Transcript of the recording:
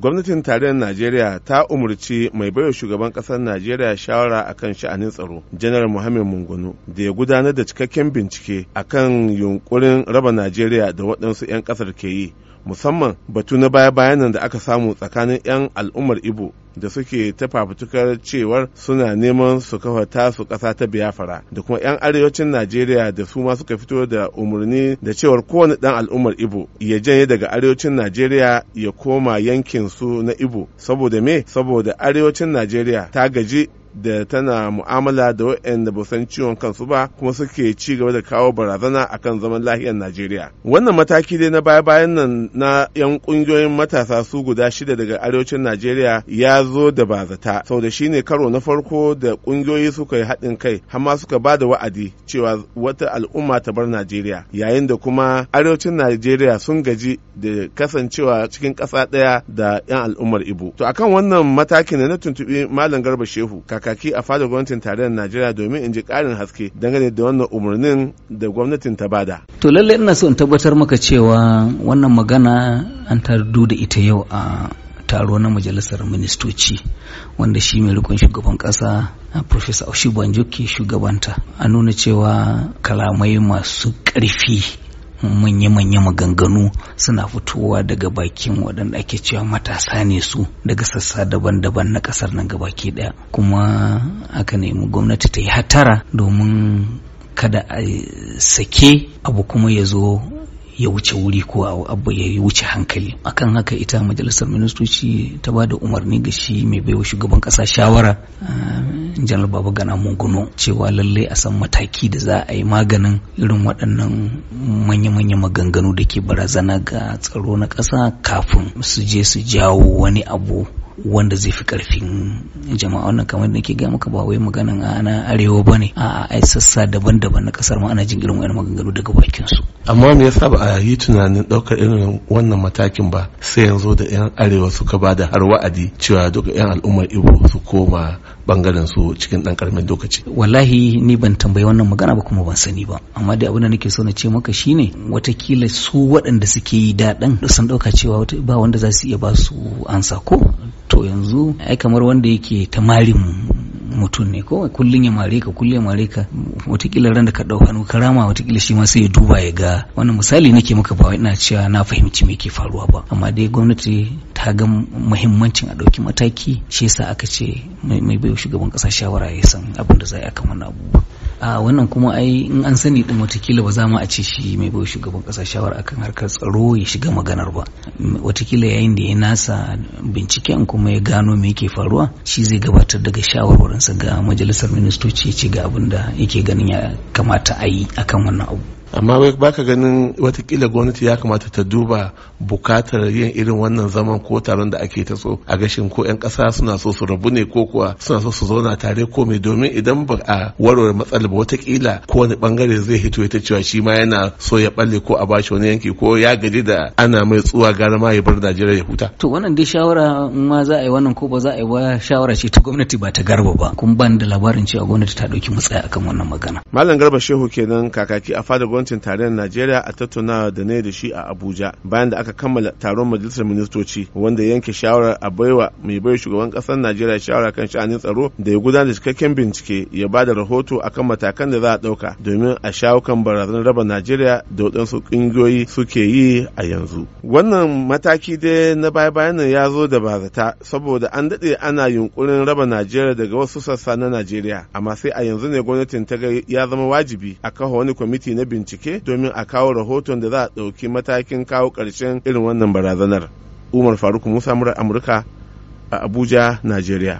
gwamnatin tarayyar najeriya ta umarci mai baiwa shugaban kasar najeriya shawara akan sha'anin tsaro janar muhammed mungunu da ya gudanar da cikakken bincike akan yunkurin raba najeriya da waɗansu 'yan ƙasar ke yi musamman batu na baya-bayanan da aka samu tsakanin 'yan al'ummar ibo da suke ta fafutukar cewar suna neman su kafa tasu ƙasa ta biyafara da kuma 'yan arewacin najeriya da su ma suka fito da umarni da cewar kowane ɗan al'ummar ibo ya janye daga arewacin najeriya ya koma yankin su na ibo saboda me saboda arewacin najeriya ta gaji da tana mu'amala da waɗanda ba san ciwon kansu ba kuma suke ci gaba da kawo barazana akan zaman lahiyar Najeriya. Wannan mataki dai na baya-bayan nan na 'yan ƙungiyoyin matasa su guda shida daga arewacin Najeriya ya zo da bazata Sau shi ne karo na farko da ƙungiyoyi suka yi haɗin kai har ma suka ba da wa'adi cewa wata al'umma ta bar Najeriya yayin da kuma arewacin Najeriya sun gaji da kasancewa cikin ƙasa ɗaya da 'yan al'ummar Ibo. To akan wannan matakin na tuntuɓi Malam Garba Shehu kakaki a fadar gwamnatin tarayyar Najeriya domin in ji ƙarin haske dangane da wannan umarnin da gwamnatin ta bada. To lallai ina so in tabbatar maka cewa wannan magana an tardu da ita yau a taro na majalisar ministoci wanda shi mai rikon shugaban kasa professor oshibanjo ke shugabanta a nuna cewa kalamai masu ƙarfi manya-manya maganganu suna fitowa daga bakin waɗanda ake cewa matasa ne su daga sassa daban-daban na ƙasar nan gabaki ɗaya kuma aka nemi gwamnati ta yi hatara domin kada a sake abu kuma ya zo ya wuce wuri ko abu ya wuce hankali akan haka ita majalisar ministoci ta ba da umarni ga shi mai baiwa shugaban ƙasa shawara janar baba gana mungunu cewa lallai a san mataki da za a yi maganin irin waɗannan manya-manya maganganu da ke barazana ga tsaro na ƙasa kafin su je su jawo wani abu wanda zai fi karfin jama'a wannan kamar da ke gaya maka ba wai maganan ana arewa ne a ai sassa daban-daban na kasar ma ana jin irin wani maganganu daga bakin su amma me yasa ba a yi tunanin ɗaukar irin wannan matakin ba sai yanzu da yan arewa suka ba da har wa'adi cewa duka yan al'ummar ibo su koma bangaren su cikin dan karamin lokaci wallahi ni ban tambayi wannan magana ba kuma ban sani ba amma dai abin da nake so na ce maka shine watakila su waɗanda suke yi daɗin sun ɗauka cewa ba wanda za su iya ba su ansa ko to yanzu ai kamar wanda yake ta marin mutum ne ko kullum ya mare ka kullum ya mare ka watakila ran da ka ɗaukan hannu ka rama watakila shi ma sai ya duba ya ga wannan misali nake maka ba ina cewa na fahimci me ke faruwa ba amma dai gwamnati ta ga muhimmancin a ɗauki mataki shi yasa aka ce mai bai shugaban kasa shawara ya san abin da za a yi akan abubuwa a wannan kuma ai in an sani din watakila ba za mu a ce shi mai bai shugaban kasa shawar akan harkar tsaro ya shiga maganar ba watakila yayin da ya nasa binciken kuma ya gano me yake faruwa shi zai gabatar daga shawarwarinsa ga majalisar ministoci ya ce ga abin da yake ganin ya kamata a yi akan wannan abu amma wai baka ganin watakila gwamnati ya kamata ta duba bukatar yin irin wannan zaman ko taron da ake ta so a gashin ko 'yan kasa suna so su rabu ne ko kuwa suna so su zauna tare ko mai domin idan ba a warware matsala ba watakila kowane bangare zai hito ita cewa shi ma yana so ya balle ko a bashi wani yanki ko ya gaji da ana mai tsuwa gara ma ya bar Najeriya ya huta. To wannan dai shawara in ma za a yi wannan ko ba za a yi ba shawara ce ta gwamnati ba ta garba ba kun ban da labarin cewa gwamnati ta ɗauki matsaya akan wannan magana. Malam Garba Shehu kenan kakaki a fadar shugabancin tarayyar Najeriya a tattaunawa da ne da shi a Abuja bayan da aka kammala taron majalisar ministoci wanda yanke shawarar a baiwa mai bai shugaban kasar Najeriya shawara kan sha'anin tsaro da ya gudanar da cikakken bincike ya ba da rahoto akan matakan da za a ɗauka domin a shawo kan barazanar raba Najeriya da waɗansu ƙungiyoyi suke yi a yanzu. Wannan mataki dai na baya-bayan nan ya zo da bazata saboda an daɗe ana yunkurin raba Najeriya daga wasu sassa na Najeriya amma sai a yanzu ne gwamnatin ta ga ya zama wajibi a kafa wani kwamiti na bincike bincike domin a kawo rahoton da za a ɗauki matakin kawo ƙarshen irin wannan barazanar umar faruk musa murar amurka a abuja najeriya